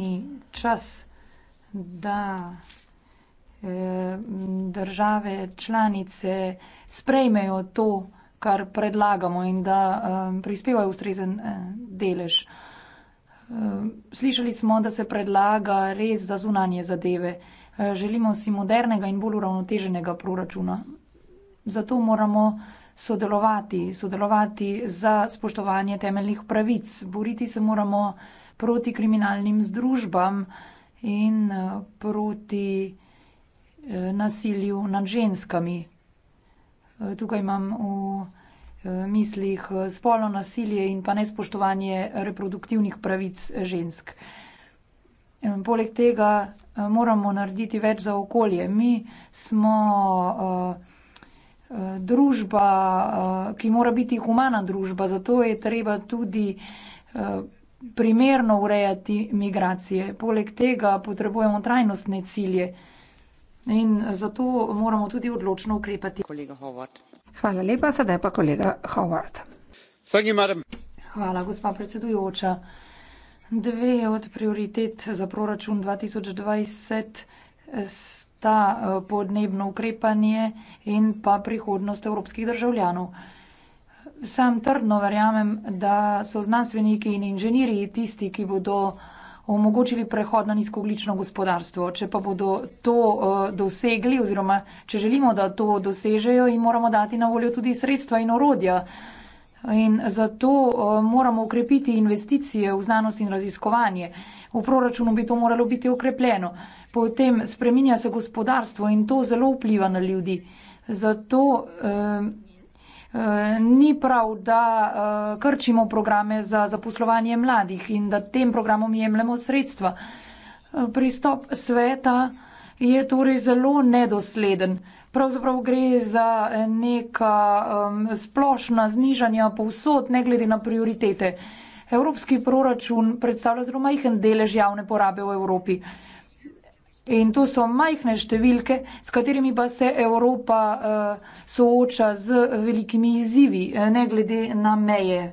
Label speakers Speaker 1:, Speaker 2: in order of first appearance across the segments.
Speaker 1: ni čas, da e, države članice sprejmejo to, kar predlagamo in da e, prispevajo ustrezen e, delež. Slišali smo, da se predlaga res za zunanje zadeve. Želimo si modernega in bolj uravnoteženega proračuna. Zato moramo sodelovati, sodelovati za spoštovanje temeljnih pravic. Boriti se moramo proti kriminalnim združbam in eh, proti eh, nasilju nad ženskami. Eh, tukaj imam v mislih spolno nasilje in pa nespoštovanje reproduktivnih pravic žensk. Poleg tega moramo narediti več za okolje. Mi smo družba, ki mora biti humana družba, zato je treba tudi primerno urejati migracije. Poleg tega potrebujemo trajnostne cilje in zato moramo tudi odločno ukrepati.
Speaker 2: Hvala lepa, sedaj pa kolega Howard.
Speaker 1: Hvala, gospa predsedujoča. Dve od prioritet za proračun 2020 sta eh, podnebno ukrepanje in pa prihodnost evropskih državljanov. Sam trdno verjamem, da so znanstveniki in inženirji tisti, ki bodo omogočili prehod na nizkooglično gospodarstvo. Če pa bodo to uh, dosegli oziroma če želimo, da to dosežejo, jim moramo dati na voljo tudi sredstva in orodja. In zato uh, moramo ukrepiti investicije v znanost in raziskovanje. V proračunu bi to moralo biti ukrepljeno. Potem spreminja se gospodarstvo in to zelo vpliva na ljudi. Zato uh, Eh, ni prav, da eh, krčimo programe za zaposlovanje mladih in da tem programom jemljemo sredstva. Eh, pristop sveta je torej zelo nedosleden. Pravzaprav gre za neka um, splošna znižanja povsod, ne glede na prioritete. Evropski proračun predstavlja zelo majhen delež javne porabe v Evropi. Uh, In to so majhne številke, s katerimi pa se Evropa uh, sooča z velikimi izzivi, eh, ne glede na
Speaker 3: meje.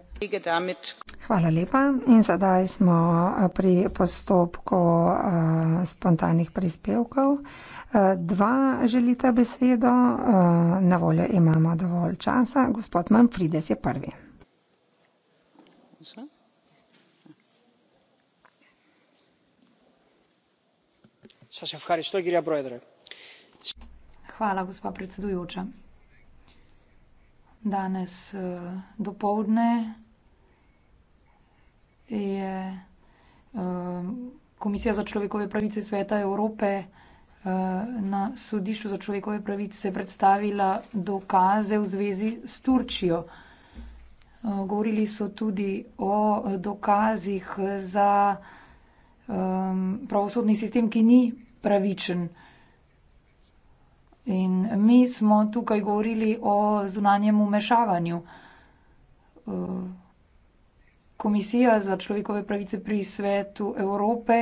Speaker 2: Hvala lepa. In sedaj smo eh, pri postopku uh, spontanih prispevkov. Uh, dva želita besedo, uh, na voljo imamo dovolj časa. Gospod Manfrides je prvi.
Speaker 3: Vse?
Speaker 1: Hvala, gospa predsedujoča. Danes, eh, dopoldne je, eh, Komisija za človekove pravice Sveta Evrope, eh, na Sodišču za človekove pravice predstavila dokaze v zvezi s Turčijo. govorili so tudi o dokazih za, pravosodni sistem, ki ni pravičen. In mi smo tukaj govorili o zunanjem umešavanju. Uh, Komisija za človekove pravice pri svetu Evrope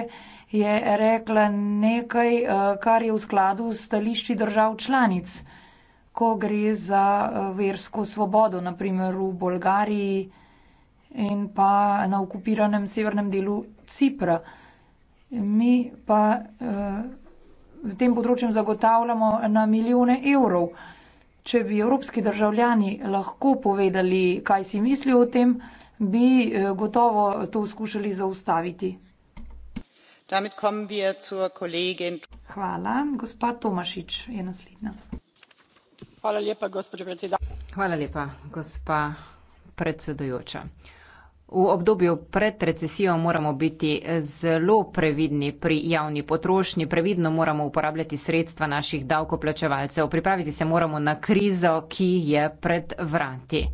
Speaker 1: je rekla nekaj, uh, kar je v skladu s stališči držav članic, ko gre za uh, versko svobodo, naprimer v Bolgariji in pa na okupiranem severnem delu Cipra mi pa eh, v tem področju zagotavljamo na milijone evrov. Če bi evropski državljani lahko povedali, kaj si mislijo o tem, bi eh, gotovo to skušali zaustaviti. Hvala. Gospa Tomašič je naslednja.
Speaker 3: Hvala lepa, gospod predsedujoča.
Speaker 4: Hvala lepa, gospa predsedujoča. V obdobju pred recesijo moramo biti eh, zelo previdni pri javni potrošnji, previdno moramo uporabljati sredstva naših davkoplačevalcev, pripraviti se moramo na krizo, ki je pred vrati.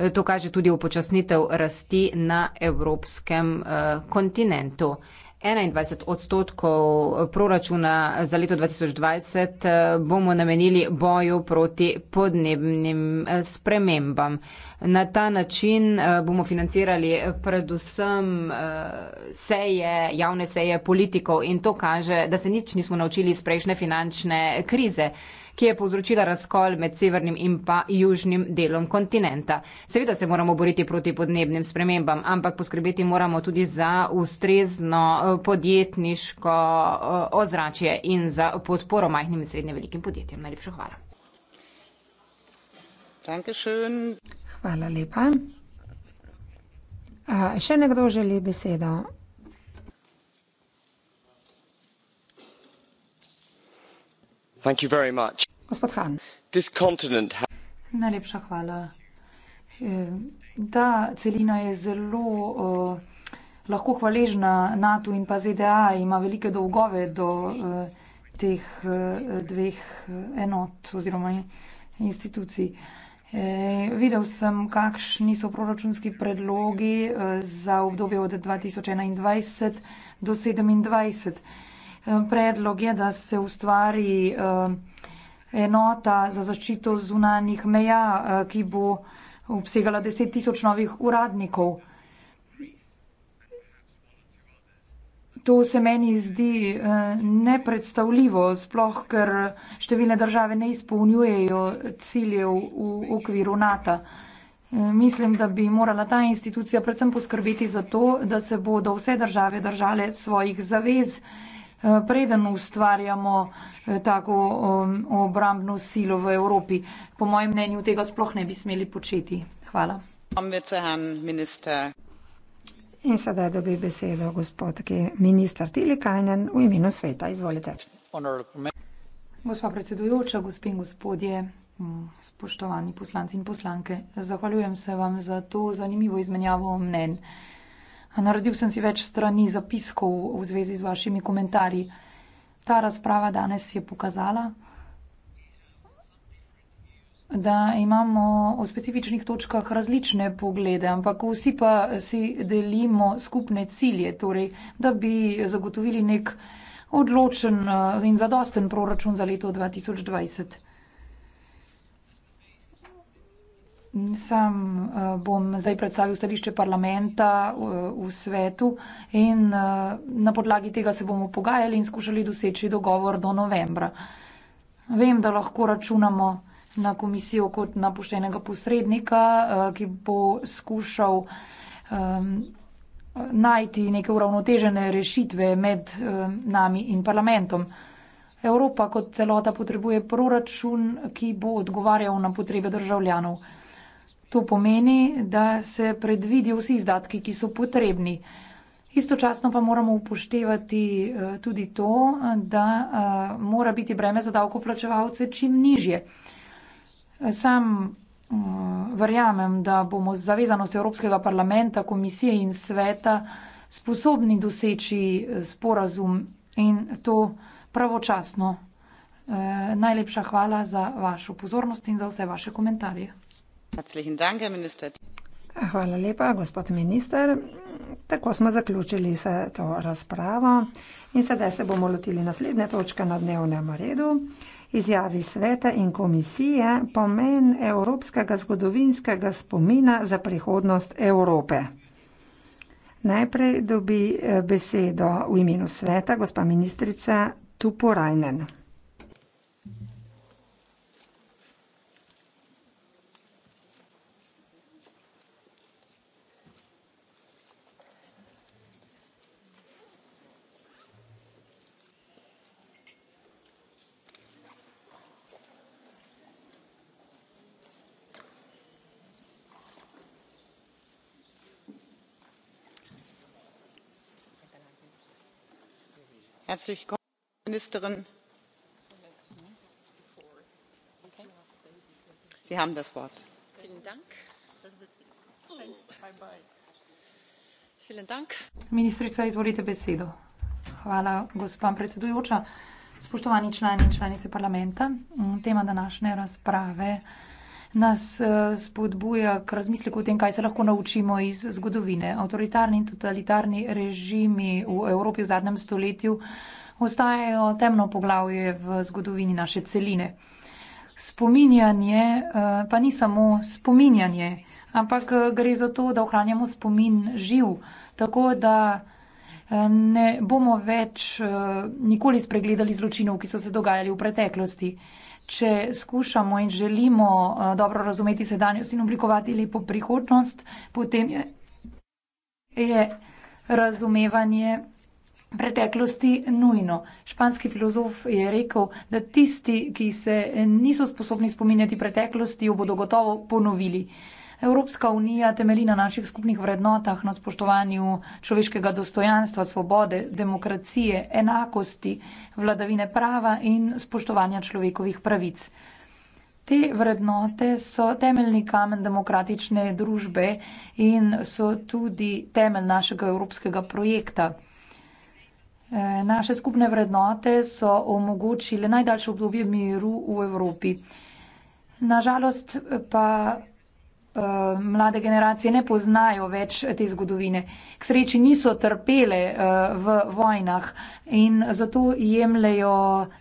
Speaker 4: Eh, to kaže tudi upočasnitev rasti na evropskem eh, kontinentu. 21 odstotkov eh, proračuna za leto 2020 eh, bomo namenili boju proti podnebnim eh, spremembam. Na ta način bomo financirali predvsem seje, javne seje politikov in to kaže, da se nič nismo naučili iz prejšnje finančne krize ki je povzročila razkol med severnim in pa južnim delom kontinenta. Seveda se moramo boriti proti podnebnim spremembam, ampak poskrbeti moramo tudi za ustrezno eh, podjetniško eh, ozračje in za podporo majhnim in srednje velikim podjetjem. Najlepša hvala.
Speaker 3: Dankeschön. Hvala lepa.
Speaker 2: A, še nekdo želi besedo? Gospod Han.
Speaker 1: Najlepša hvala. E, ta celina je zelo uh, lahko hvaležna NATO in pa ZDA, ima velike dolgove do uh, teh uh, dveh enot oziroma institucij. E, videl sem, kakšni so proračunski predlogi uh, za obdobje od 2021 do 2027. Eh, predlog je, da se ustvari eh, enota za zaščito zunanjih meja, eh, ki bo obsegala 10 tisoč novih uradnikov. To se meni zdi nepredstavljivo, sploh ker številne države ne izpolnjujejo ciljev v okviru NATO. Mislim, da bi morala ta institucija predvsem poskrbeti za to, da se bodo vse države držale svojih zavez. Eh, preden ustvarjamo eh, tako um, obrambno silo v Evropi. Po mojem mnenju tega sploh ne bi smeli početi. Hvala.
Speaker 2: In sedaj dobi besedo
Speaker 3: gospod minister
Speaker 2: Tilikajnen v imenu sveta. Izvolite.
Speaker 3: Gospa predsedujoča, gospe in
Speaker 1: gospodje, mm, spoštovani poslanci in poslanke, zahvaljujem se vam za to zanimivo izmenjavo mnen. Naredil sem si več strani zapiskov v zvezi z vašimi komentarji. Ta razprava danes je pokazala, da imamo v specifičnih točkah različne poglede, ampak vsi pa si delimo skupne cilje, torej, da bi zagotovili nek odločen in zadosten proračun za leto 2020. Sam eh, bom zdaj predstavil stališče parlamenta eh, v svetu in eh, na podlagi tega se bomo pogajali in skušali doseči dogovor do novembra. Vem, da lahko računamo na komisijo kot na poštenega posrednika, ki bo skušal ehm, najti neke uravnotežene rešitve med nami in parlamentom. Evropa kot celota potrebuje proračun, ki bo odgovarjal na potrebe državljanov. To pomeni, da se predvidijo vsi izdatki, ki so potrebni. Istočasno pa moramo upoštevati eh, tudi to, da eh, mora biti breme za davkoplačevalce čim nižje. Sam mm, verjamem, da bomo z zavezanost Evropskega parlamenta, komisije in sveta sposobni doseči eh, sporazum in to pravočasno. Najlepša hvala za
Speaker 2: vašo pozornost in za vse vaše komentarje. Hvala lepa, gospod minister. Tako smo zaključili se to razpravo in sedaj se bomo lotili naslednje točke na dnevnem redu. Izjavi sveta in komisije pomen evropskega zgodovinskega spomina za prihodnost Evrope. Najprej dobi eh, besedo v imenu sveta gospa ministrica Tupurajnen.
Speaker 3: herzlich willkommen frau ministerin sie haben das wort.
Speaker 1: hvala gospa predsedujoča spoštovani člani in članice parlamenta. tema današnje razprave nas eh, spodbuja k razmisleku o tem, kaj se lahko naučimo iz zgodovine. Avtoritarni in totalitarni režimi v Evropi v zadnjem stoletju ostajajo temno poglavje v zgodovini naše celine. Spominjanje eh, pa ni samo spominjanje, ampak eh, gre za to, da ohranjamo spomin živ, tako da ne bomo več nikoli spregledali zločinov, ki so se dogajali v preteklosti če skušamo in želimo eh, dobro razumeti sedanjost in oblikovati lepo prihodnost, potem je, je razumevanje preteklosti nujno. Španski filozof je rekel, da tisti, ki se niso sposobni spominjati preteklosti, jo bodo gotovo ponovili. Evropska unija temelji na naših skupnih vrednotah, na spoštovanju človeškega dostojanstva, svobode, demokracije, enakosti, vladavine prava in spoštovanja človekovih pravic. Te vrednote so temeljni kamen demokratične družbe in so tudi temelj našega evropskega projekta. E, naše skupne vrednote so omogočile najdaljše obdobje miru v Evropi. Nažalost pa Eh, mlade generacije ne poznajo več te zgodovine. K sreči niso trpele uh, v vojnah in zato jemljajo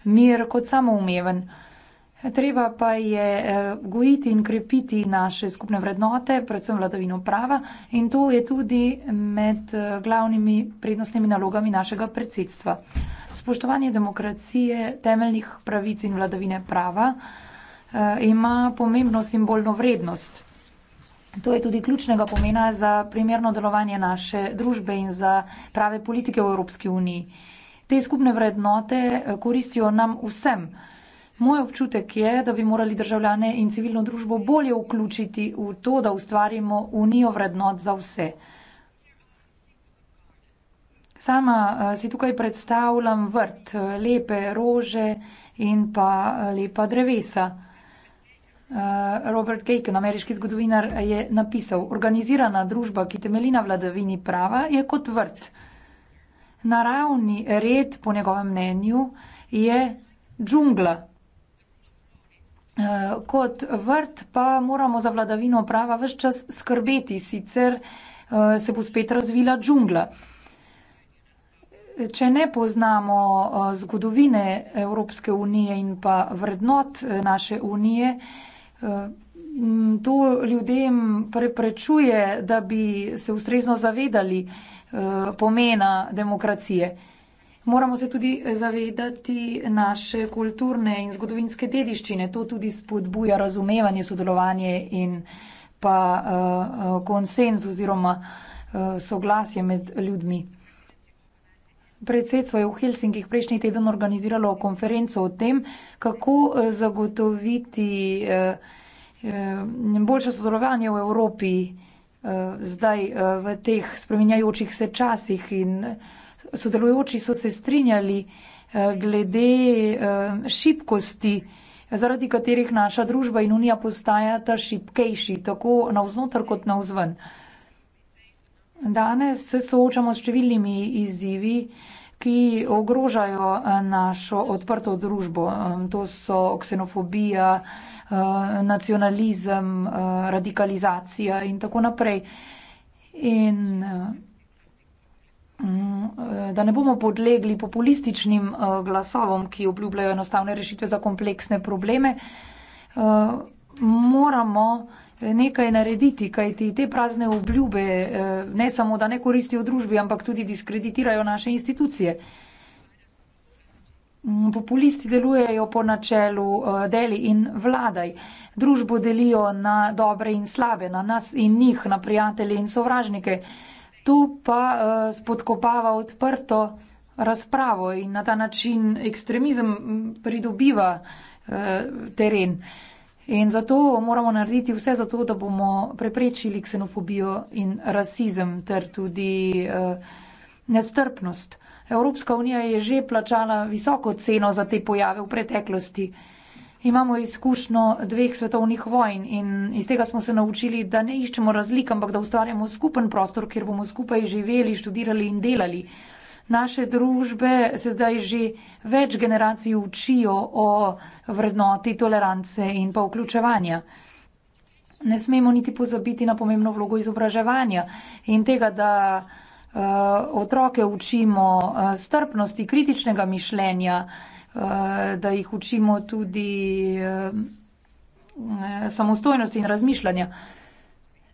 Speaker 1: mir kot samoumeven. Treba pa je uh, gojiti in krepiti naše skupne vrednote, predvsem vladavino prava in to je tudi med uh, glavnimi prednostnimi nalogami našega predsedstva. Spoštovanje demokracije, temeljnih pravic in vladavine prava uh, ima pomembno simbolno vrednost. To je tudi ključnega pomena za primerno delovanje naše družbe in za prave politike v Evropski uniji. Te skupne vrednote eh, koristijo nam vsem. Moj občutek je, da bi morali državljane in civilno družbo bolje vključiti v to, da ustvarimo unijo vrednot za vse. Sama eh, si tukaj predstavljam vrt, eh, lepe rože in pa lepa drevesa. Eh, Robert Gaken, ameriški zgodovinar, je napisal: Organizirana družba, ki temelji na vladavini prava, je kot vrt. Naravni red, po njegovem mnenju, je džungla. Eh, kot vrt pa moramo za vladavino prava vse čas skrbeti, sicer eh, se bo spet razvila džungla. Če ne poznamo zgodovine Evropske unije in pa vrednot naše unije, Eh, to ljudem preprečuje, da bi se ustrezno zavedali eh, pomena demokracije. Moramo se tudi zavedati naše kulturne in zgodovinske dediščine. To tudi spodbuja razumevanje, sodelovanje in pa eh, konsens oziroma soglasje med ljudmi. Predsedstvo je v Helsinkih prejšnji teden organiziralo konferenco o tem, kako eh, zagotoviti eh, eh, boljše sodelovanje v Evropi eh, zdaj eh, v teh spremenjajočih se časih. In eh, sodelujoči so se strinjali eh, glede eh, šibkosti, zaradi katerih naša družba in unija postajata šipkejši, tako navznotraj kot navzven. Eh, Danes se soočamo s številnimi izzivi, ki ogrožajo eh, našo odprto družbo. Eh, to so ksenofobija, eh, nacionalizem, radikalizacija in tako naprej. In mm, da ne bomo podlegli populističnim glasovom, ki obljubljajo enostavne rešitve za kompleksne probleme, moramo nekaj narediti, kajti te prazne obljube eh, ne samo, da ne koristijo družbi, ampak tudi diskreditirajo naše institucije. Mm, populisti delujejo po načelu eh, deli in vladaj. Družbo delijo na dobre in slabe, na nas in njih, na prijatelje in sovražnike. To pa eh, spodkopava odprto razpravo in na ta način ekstremizem mm, pridobiva teren. In zato moramo narediti vse za to, da bomo preprečili ksenofobijo in rasizem ter tudi eh, nestrpnost. Evropska unija je že plačala visoko ceno za te pojave v preteklosti. Imamo izkušnjo dveh svetovnih vojn in iz tega smo se naučili, da ne iščemo razlik, ampak da ustvarjamo skupen prostor, kjer bomo skupaj živeli, študirali in delali naše družbe se zdaj že več generacij učijo o vrednoti tolerance in pa vključevanja. Ne smemo niti pozabiti na pomembno vlogo izobraževanja in tega, da uh, otroke učimo uh, strpnosti, kritičnega mišljenja, uh, da jih učimo tudi uh, samostojnosti in razmišljanja.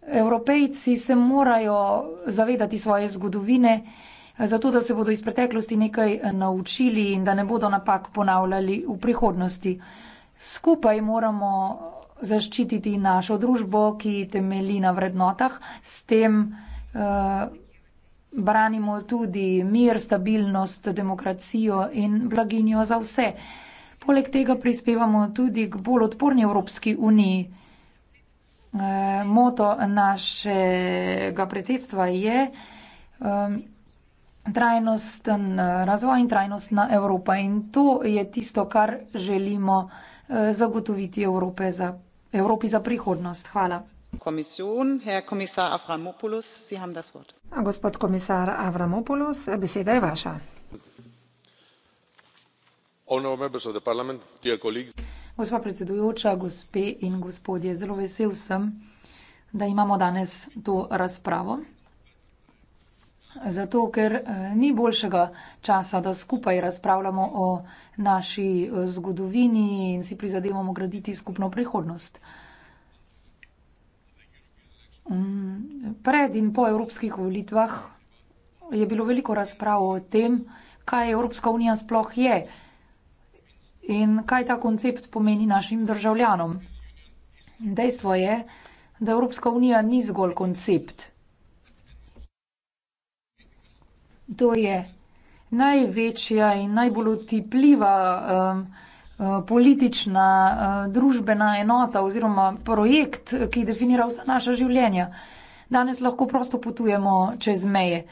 Speaker 1: Evropejci se morajo zavedati svoje zgodovine, uh, zato da se bodo iz preteklosti nekaj eh, naučili in da ne bodo napak ponavljali v prihodnosti. Skupaj moramo eh, zaščititi našo družbo, ki temelji na vrednotah, s tem eh, branimo tudi mir, stabilnost, demokracijo in blaginjo za vse. Poleg tega prispevamo tudi k bolj odporni Evropski uniji. Eh, moto našega predsedstva je, trajnosten eh, razvoj in trajnostna Evropa. In to je tisto, kar želimo eh, zagotoviti
Speaker 2: Evrope za, Evropi za prihodnost. Hvala.
Speaker 3: Komisjon, herr komisar Avramopoulos, Sie haben das Wort.
Speaker 2: Gospod komisar Avramopoulos, beseda je vaša. Gospa predsedujoča,
Speaker 1: gospe in gospodje, zelo vesel sem, da imamo danes to razpravo. Zato, ker eh, ni boljšega časa, da skupaj razpravljamo o naši eh, zgodovini in si prizadevamo graditi skupno prihodnost. Mm, pred in po evropskih volitvah je bilo veliko razprav o tem, kaj Evropska unija sploh je in kaj ta koncept pomeni našim državljanom. Dejstvo je, da Evropska unija ni zgolj koncept. To je največja in najbolj otipljiva um, uh, politična, uh, družbena enota oziroma projekt, ki definira vsa naša življenja. Danes lahko prosto potujemo čez meje.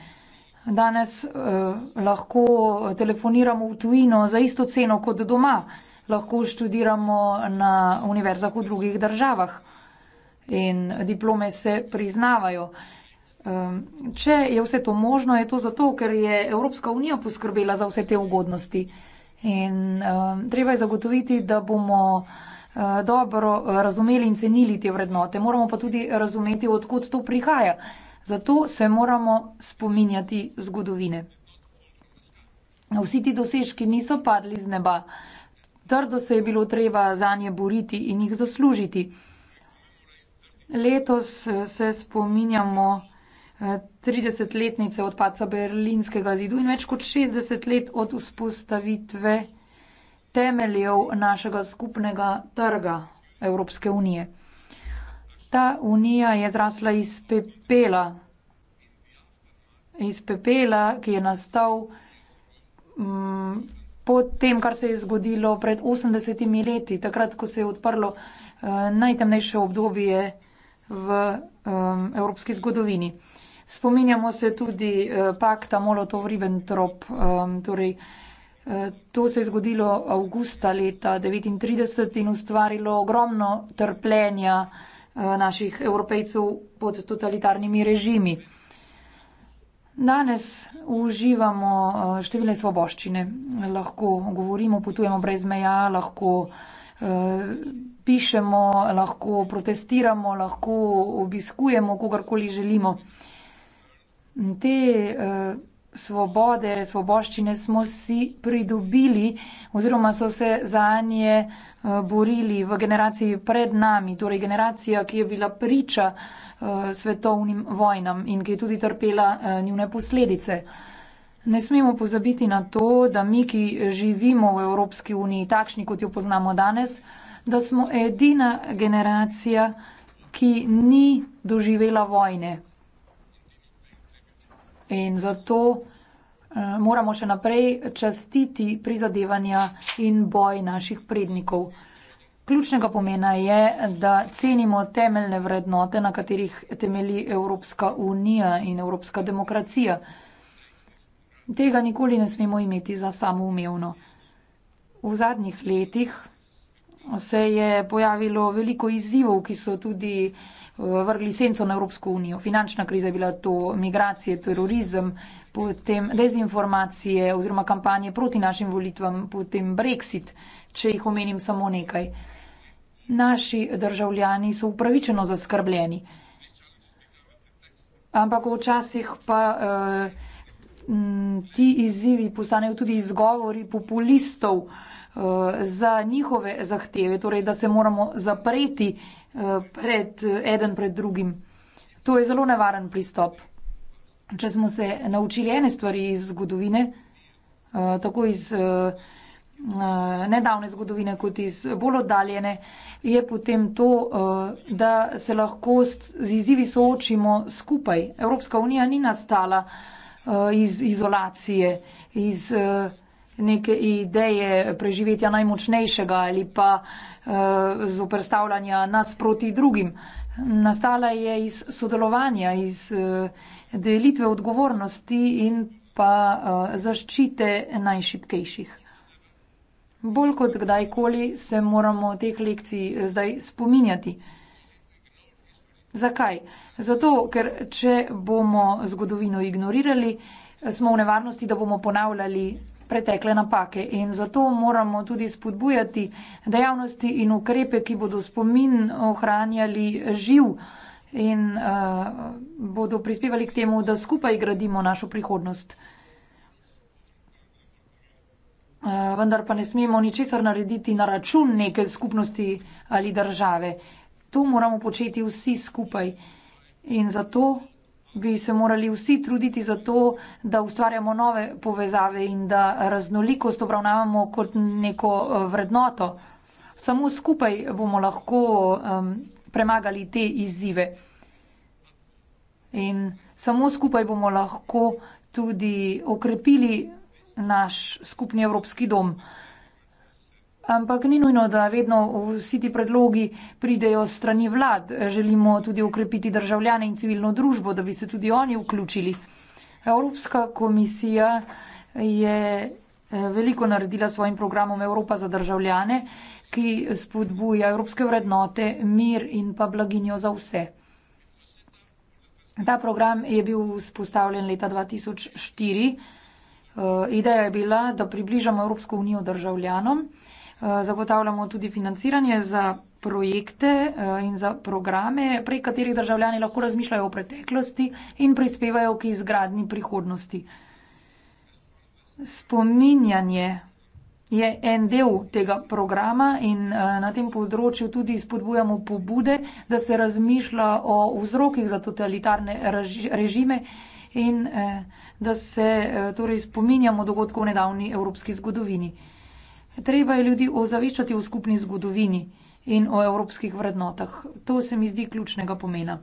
Speaker 1: Danes uh, lahko telefoniramo v tujino za isto ceno kot doma. Lahko študiramo na univerzah v drugih državah in diplome se priznavajo. Uh, Ehm, če je vse to možno, je to zato, ker je Evropska unija poskrbela za vse te ugodnosti. In ehm, treba je zagotoviti, da bomo eh, dobro eh, razumeli in cenili te vrednote. Moramo pa tudi razumeti, odkud to prihaja. Zato se moramo spominjati zgodovine. Vsi ti dosežki niso padli z neba. Trdo se je bilo treba za nje boriti in jih zaslužiti. Letos eh, se spominjamo 30-letnice od paca berlinskega zidu in več kot 60 let od vzpostavitve temeljev našega skupnega trga Evropske unije. Ta unija je zrasla iz pepela, iz pepela, ki je nastal mm, po tem, kar se je zgodilo pred 80 leti, takrat, ko se je odprlo eh, najtemnejše obdobje v eh, evropski zgodovini. Eh, Spominjamo se tudi eh, pakta Molotov-Ribbentrop. Um, torej, eh, To se je zgodilo avgusta leta 1939 in ustvarilo ogromno trpljenja eh, naših evropejcev pod totalitarnimi režimi. Danes uživamo eh, številne svoboščine. Lahko govorimo, potujemo brez meja, lahko pišemo, lahko protestiramo, lahko obiskujemo kogarkoli želimo te eh, svobode, svoboščine smo si pridobili oziroma so se za nje eh, borili v generaciji pred nami, torej generacija, ki je bila priča eh, svetovnim vojnam in ki je tudi trpela njune posledice. Ne smemo pozabiti na to, da mi, ki živimo v Evropski uniji, takšni kot jo poznamo danes, da smo edina generacija, ki ni doživela vojne. In zato eh, moramo še naprej častiti prizadevanja in boj naših prednikov. Ključnega pomena je, da cenimo temeljne vrednote, na katerih temeli Evropska unija in evropska demokracija. Tega nikoli ne smemo imeti za samoumevno. V zadnjih letih se je pojavilo veliko izzivov, ki so tudi eh, vrgli senco na Evropsko unijo. Finančna kriza je bila to, migracije, terorizem, potem dezinformacije oziroma kampanje proti našim volitvam, potem Brexit, če jih omenim samo nekaj. Naši državljani so upravičeno zaskrbljeni. Ampak včasih pa eh, ti izzivi postanejo tudi izgovori populistov, eh, Eh, za njihove zahteve, torej da se moramo zapreti eh, pred eden pred drugim. To je zelo nevaren pristop. Če smo se naučili ene stvari iz zgodovine, eh, tako iz nedavne zgodovine, kot iz bolj oddaljene, je potem to, da se lahko z izzivi soočimo skupaj. Evropska unija ni nastala iz izolacije, iz neke ideje preživetja najmočnejšega ali pa uh, eh, zoprstavljanja nas proti drugim. Nastala je iz sodelovanja, iz uh, delitve odgovornosti in pa uh, zaščite najšipkejših. Bolj kot kdajkoli se moramo teh lekcij zdaj spominjati. Zakaj? Zato, ker če bomo zgodovino ignorirali, smo v nevarnosti, da bomo ponavljali pretekle napake. In zato moramo tudi spodbujati dejavnosti in ukrepe, ki bodo spomin ohranjali živ in uh, bodo prispevali k temu, da skupaj gradimo našo prihodnost. Uh, vendar pa ne smemo ničesar narediti na račun neke skupnosti ali države. To moramo početi vsi skupaj. In zato bi se morali vsi truditi za to, da ustvarjamo nove povezave in da raznolikost obravnavamo kot neko eh, vrednoto. Samo skupaj bomo lahko um, premagali te izzive. In samo skupaj bomo lahko tudi okrepili naš skupni evropski dom. Ampak ni nujno, da vedno vsi ti predlogi pridejo strani vlad. Želimo tudi ukrepiti državljane in civilno družbo, da bi se tudi oni vključili. Evropska komisija je eh, veliko naredila s svojim programom Evropa za državljane, ki spodbuja evropske vrednote, mir in pa blaginjo za vse. Ta program je bil spostavljen leta 2004. Eh, ideja je bila, da približamo Evropsko unijo državljanom. Eh, zagotavljamo tudi financiranje za projekte eh, in za programe, prek katerih državljani lahko razmišljajo o preteklosti in prispevajo k izgradni prihodnosti. Spominjanje je en del tega programa in eh, na tem področju tudi spodbujamo pobude, da se razmišlja o vzrokih za totalitarne režime in da se torej spominjamo dogodkov v nedavni evropski zgodovini treba je ljudi ozaveščati v skupni zgodovini in o evropskih vrednotah. To se mi zdi ključnega pomena.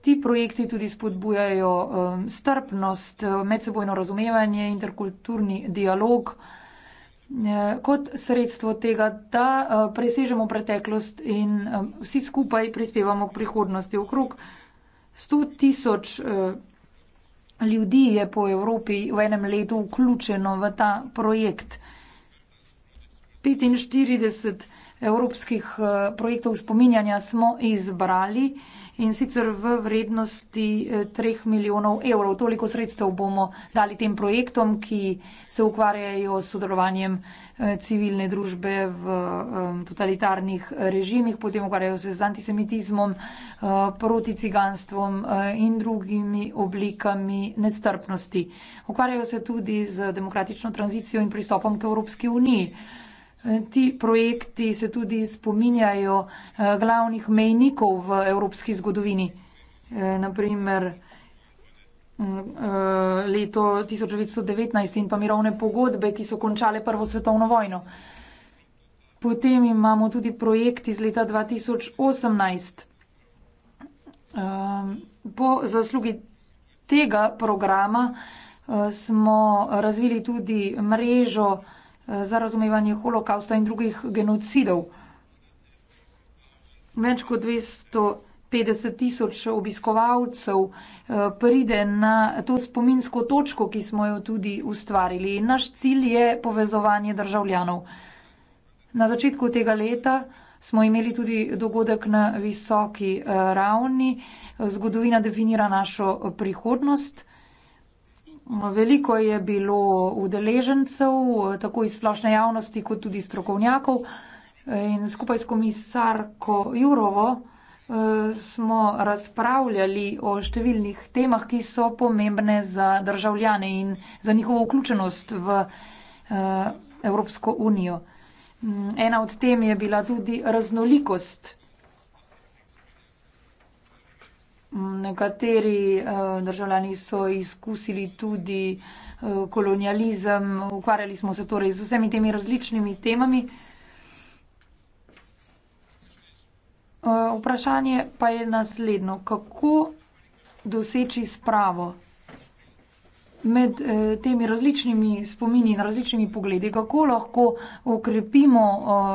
Speaker 1: Ti projekti tudi spodbujajo um, strpnost, um, medsebojno razumevanje, interkulturni dialog um, kot sredstvo tega, da uh, presežemo preteklost in um, vsi skupaj prispevamo k prihodnosti. Okrog 100 tisoč uh, ljudi je po Evropi v enem letu vključeno v ta projekt. 45 evropskih eh, projektov spominjanja smo izbrali in sicer v vrednosti 3 eh, milijonov evrov. Toliko sredstev bomo dali tem projektom, ki se ukvarjajo s sodelovanjem eh, civilne družbe v totalitarnih režimih, potem ukvarjajo se z antisemitizmom, proti ciganstvom in drugimi oblikami nestrpnosti. Ukvarjajo se tudi z demokratično tranzicijo in pristopom k Evropski uniji. Ti projekti se tudi spominjajo eh, glavnih mejnikov v evropski zgodovini. Eh, Naprimer mm, eh, leto 1919 in pa mirovne pogodbe, ki so končale Prvo svetovno vojno. Potem imamo tudi projekt iz leta 2018. Ehm, po zaslugi tega programa smo razvili tudi mrežo za razumevanje holokausta in drugih genocidov. Več kot 250 tisoč obiskovalcev eh, pride na to spominsko točko, ki smo jo tudi ustvarili. Naš cilj je povezovanje državljanov. Na začetku tega leta smo imeli tudi dogodek na visoki eh, ravni. Zgodovina definira našo prihodnost. Veliko je bilo udeležencev, tako iz splošne javnosti, kot tudi strokovnjakov. In skupaj s komisarko Jurovo eh, smo razpravljali o številnih temah, ki so pomembne za državljane in za njihovo vključenost v eh, Evropsko unijo. Mm, ena od tem je bila tudi raznolikost. Nekateri eh, državljani so izkusili tudi eh, kolonializem, ukvarjali smo se torej z vsemi temi različnimi temami. Eh, vprašanje pa je naslednjo. Kako doseči spravo med temi različnimi spomini in različnimi pogledi? Kako lahko okrepimo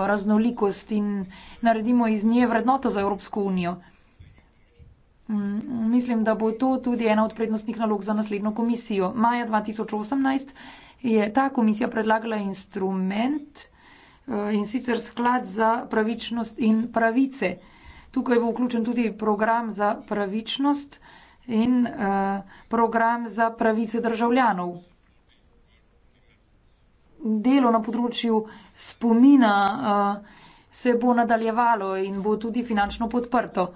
Speaker 1: raznolikost in naredimo iz nje vrednoto za Evropsko unijo? Mm, mislim, da bo to tudi ena od prednostnih nalog za naslednjo komisijo. Maja 2018 je ta komisija predlagala instrument eh, in sicer sklad za pravičnost in pravice. Tukaj bo vključen tudi program za pravičnost in eh, program za pravice državljanov. Delo na področju spomina eh, se bo nadaljevalo in bo tudi finančno podprto.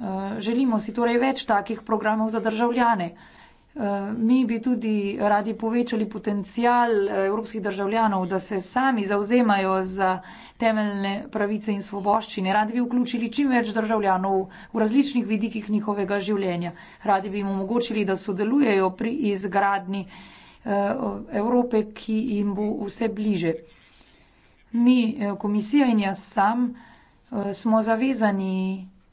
Speaker 1: Eh, želimo si torej več takih programov za državljane. Eh, mi bi tudi radi povečali potencial eh, evropskih državljanov, da se sami zauzemajo za temeljne pravice in svoboščine. Radi bi vključili čim več državljanov v različnih vidikih njihovega življenja. Radi bi jim omogočili, da sodelujejo pri izgradni Evrope, ki jim bo vse bliže. Mi, komisija in jaz sam, smo zavezani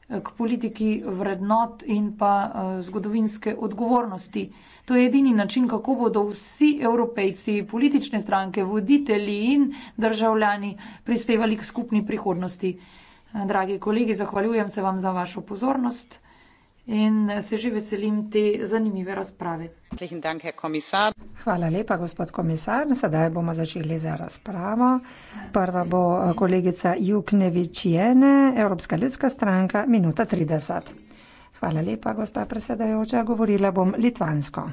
Speaker 1: k politiki vrednot in pa eh, zgodovinske odgovornosti. To je edini način, kako bodo vsi evropejci, politične stranke, voditelji in državljani prispevali k skupni prihodnosti. Eh, dragi kolegi, zahvaljujem se vam za vašo pozornost in eh, se že veselim te
Speaker 2: zanimive razprave. Hvala lepa, gospod komisar. Sedaj bomo začeli za razpravo. Prva bo eh, kolegica Juknevičjene, Evropska ljudska stranka, minuta 30. Hvala lepa, gospa predsedajoča. Govorila bom litvansko.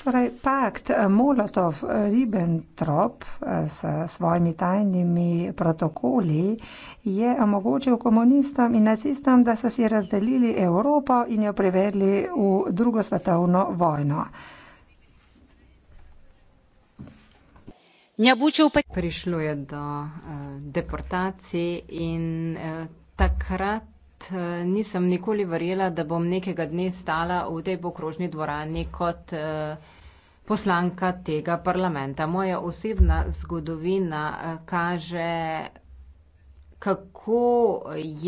Speaker 2: Torej, pakt Molotov-Ribbentrop eh, s svojimi tajnimi protokoli je omogočil komunistom in nacistom, da so si razdelili Evropo in jo privedli v drugo
Speaker 4: svetovno vojno. Prišlo je do eh, deportacij in eh, takrat Eh, nisem nikoli verjela, da bom nekega dne stala v tej pokrožni dvorani kot eh, poslanka tega parlamenta. Moja osebna zgodovina eh, kaže, kako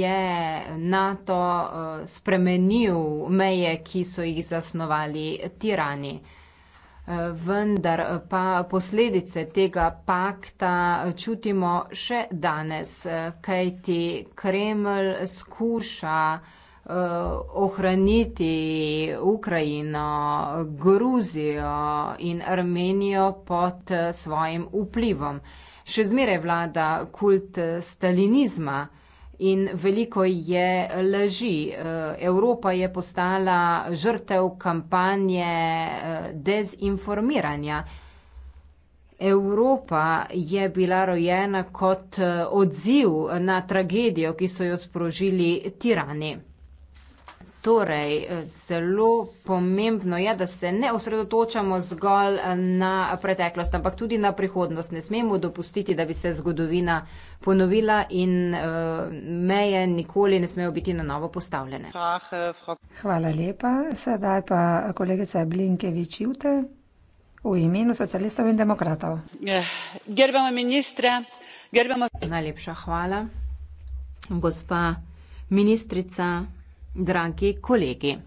Speaker 4: je NATO spremenil meje, ki so jih zasnovali tirani vendar pa posledice tega pakta čutimo še danes, kajti Kreml skuša eh, ohraniti Ukrajino, Gruzijo in Armenijo pod eh, svojim vplivom. Še zmeraj vlada kult eh, stalinizma in veliko je laži. Eh, Evropa je postala žrtev kampanje eh, dezinformiranja. Evropa je bila rojena kot eh, odziv na tragedijo, ki so jo sprožili tirani. Torej, zelo pomembno je, da se ne osredotočamo zgolj eh, na preteklost, ampak tudi na prihodnost. Ne smemo dopustiti, da bi se zgodovina ponovila in uh, meje nikoli ne smejo biti na novo postavljene.
Speaker 2: Hvala lepa. Sedaj pa kolegica Blinkevič Jute v imenu socialistov in demokratov.
Speaker 4: Gerbamo ministre, gerbamo. Najlepša hvala, gospa ministrica dragi kolegi.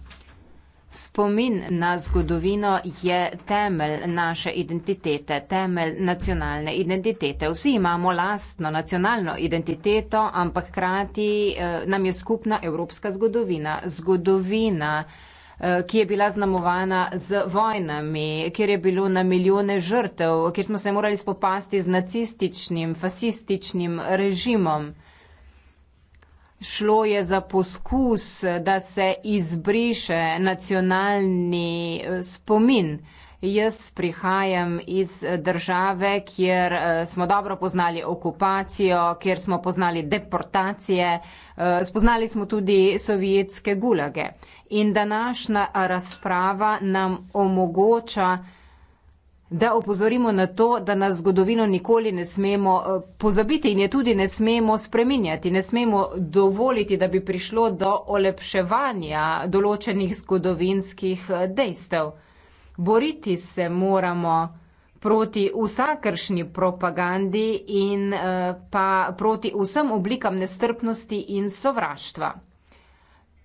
Speaker 4: Spomin na zgodovino je temelj naše identitete, temelj nacionalne identitete. Vsi imamo lastno nacionalno identiteto, ampak hkrati eh, nam je skupna evropska zgodovina. Zgodovina, eh, ki je bila znamovana z vojnami, kjer je bilo na milijone žrtev, kjer smo se morali spopasti z nacističnim, fasističnim režimom. Šlo je za poskus, da se izbriše nacionalni eh, spomin. Jaz prihajam iz države, kjer eh, smo dobro poznali okupacijo, kjer smo poznali deportacije, eh, spoznali smo tudi sovjetske gulage. In današnja razprava nam omogoča, da opozorimo na to, da na zgodovino nikoli ne smemo eh, pozabiti in je tudi ne smemo spreminjati, ne smemo dovoliti, da bi prišlo do olepševanja določenih zgodovinskih eh, dejstev. Boriti se moramo proti vsakršni propagandi in eh, pa proti vsem oblikam nestrpnosti in sovraštva.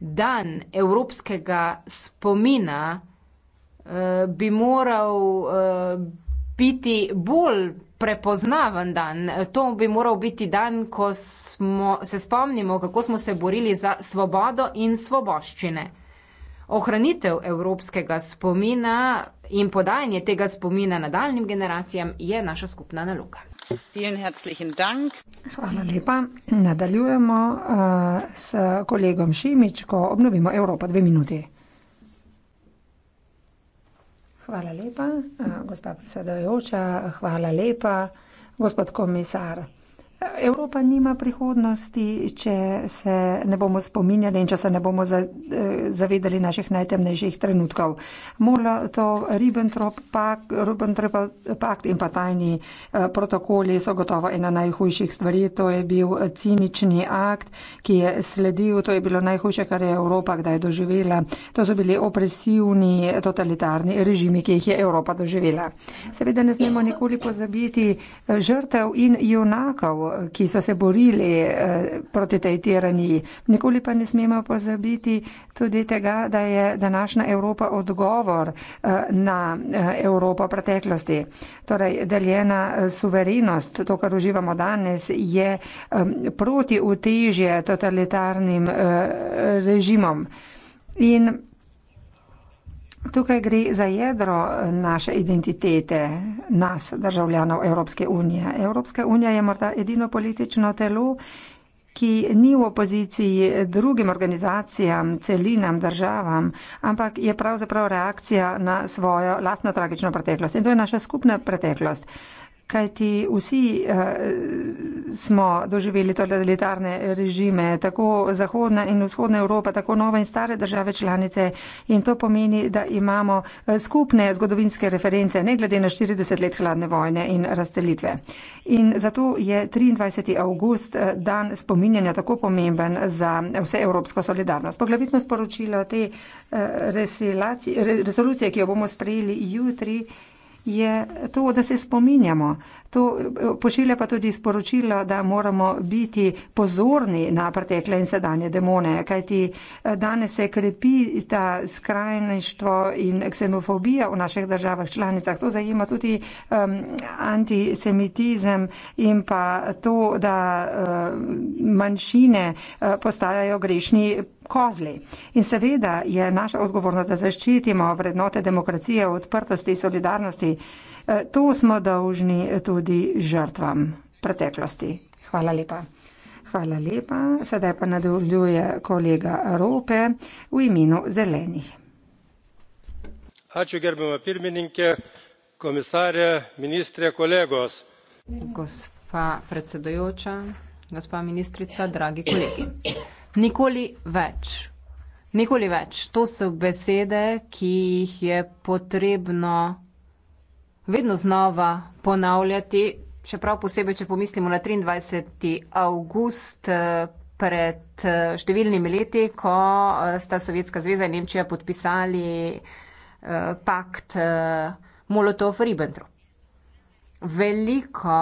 Speaker 4: Dan evropskega spomina uh, bi moral uh, biti bolj prepoznaven dan. To bi moral biti dan, ko smo, se spomnimo, kako smo se borili za svobodo in svoboščine. Ohranitev evropskega spomina in podajanje tega spomina nadaljnim generacijam je naša skupna naloga. Hvala lepa.
Speaker 2: Nadaljujemo uh, s kolegom Šimičko. Obnovimo Evropo dve minuti. Hvala lepa, eh, gospa predsedajoča, hvala lepa, gospod komisar. Evropa nima prihodnosti, če se ne bomo spominjali in če se ne bomo eh, zavedali naših najtemnejših trenutkov. Mola to Ribbentrop pakt, Ribbentrop pakt in pa tajni eh, protokoli so gotovo ena najhujših stvari. To je bil cinični akt, ki je sledil, to je bilo najhujše, kar je Evropa kdaj doživela. To so bili opresivni totalitarni režimi, ki jih je Evropa doživela. Seveda ne smemo nikoli pozabiti eh, žrtev in junakov ki so se borili eh, proti tej tiraniji. Nikoli pa ne smemo pozabiti tudi tega, da je današnja Evropa odgovor eh, na eh, Evropo preteklosti. Torej, deljena suverenost, to, kar uživamo danes, je proti utežje totalitarnim režimom. In Tukaj gre za jedro naše identitete, nas, državljanov Evropske unije. Evropska unija je morda edino politično telo, ki ni v opoziciji drugim organizacijam, celinam, državam, ampak je pravzaprav reakcija na svojo lastno tragično preteklost. In to je naša skupna preteklost kajti vsi uh, smo doživeli totalitarne režime, tako Zahodna in Vzhodna Evropa, tako nove in stare države članice in to pomeni, da imamo eh, skupne zgodovinske reference, ne glede na 40 let hladne vojne in razcelitve. In zato je 23. august eh, dan spominjanja tako pomemben za vse evropsko solidarnost. Poglavitno sporočilo te uh, resolucije, ki jo bomo sprejeli jutri, je to, da se spominjamo, To eh, pošilja pa tudi sporočilo, da moramo biti pozorni na pretekle in sedanje demone, kajti eh, danes se krepi ta skrajništvo in ksenofobija v naših državah članicah. To zajema tudi um, antisemitizem in pa to, da uh, manjšine uh, postajajo grešni. Kozli. In seveda je naša odgovornost, da zaščitimo vrednote demokracije, odprtosti, solidarnosti. To smo dolžni tudi žrtvam preteklosti. Hvala lepa. Hvala lepa. Sedaj pa nadaljuje kolega Rope v imenu zelenih.
Speaker 4: Ačiū gerbiama pirmininkė, komisarė, ministrė, kolegos. Gospa predsedojoča, gospa ministrica, dragi kolegi. Nikoli več. Nikoli več. To so besede, ki jih je potrebno vedno znova ponavljati, čeprav posebej, če pomislimo na 23. avgust eh, pred eh, številnimi leti, ko eh, sta Sovjetska zveza in Nemčija podpisali pakt Molotov-Ribbentrop. Veliko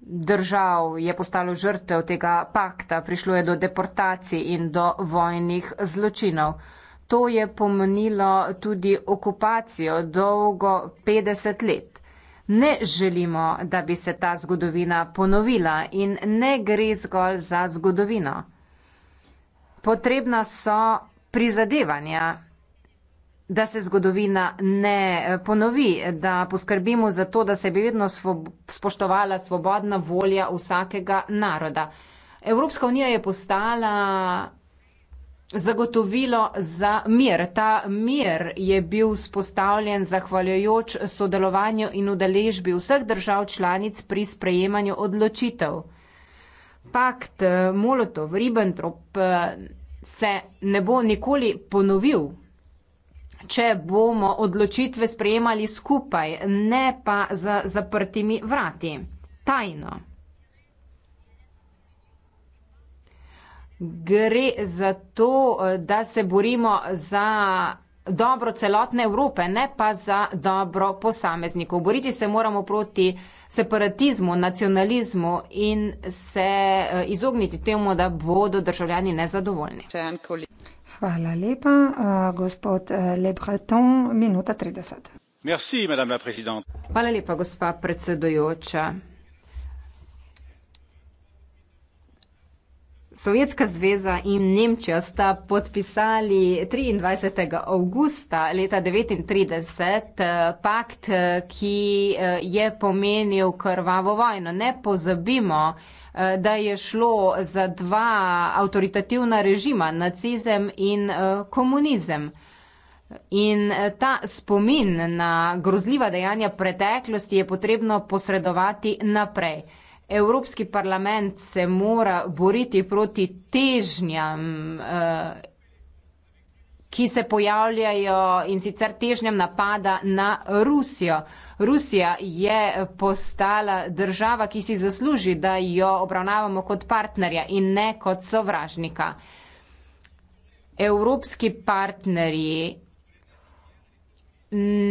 Speaker 4: držav je postalo žrtev tega pakta, prišlo je do deportacij in do vojnih zločinov. To je pomenilo tudi okupacijo dolgo 50 let. Ne želimo, da bi se ta zgodovina ponovila in ne gre zgolj za zgodovino. Potrebna so prizadevanja, da se zgodovina ne eh, ponovi, da poskrbimo za to, da se bi vedno spoštovala svobodna volja vsakega naroda. Evropska unija je postala zagotovilo za mir. Ta mir je bil spostavljen zahvaljujoč sodelovanju in udeležbi vseh držav članic pri sprejemanju odločitev. Pakt eh, Molotov-Ribbentrop eh, se ne bo nikoli ponovil, če bomo odločitve sprejemali skupaj, ne pa za zaprtimi vrati, tajno. gre za to, eh, da se borimo za dobro celotne Evrope, ne pa za dobro posameznikov. Boriti se moramo proti separatizmu, nacionalizmu in se eh, izogniti temu, da bodo državljani nezadovoljni.
Speaker 2: Hvala lepa. Eh, gospod Le Breton,
Speaker 4: minuta 30. Merci, Hvala lepa, gospa predsedujoča. Sovjetska zveza in Nemčija sta podpisali 23. augusta leta 1939 eh, pakt, eh, ki eh, je pomenil krvavo vojno. Ne pozabimo, da je šlo za dva avtoritativna režima, nacizem in komunizem. In ta spomin na grozljiva dejanja preteklosti je potrebno posredovati naprej. Evropski parlament se mora boriti proti težnjam, eh, ki se pojavljajo in sicer težnjam napada na Rusijo. Rusija je postala država, ki si zasluži, da jo obravnavamo kot partnerja in ne kot sovražnika. Evropski partnerji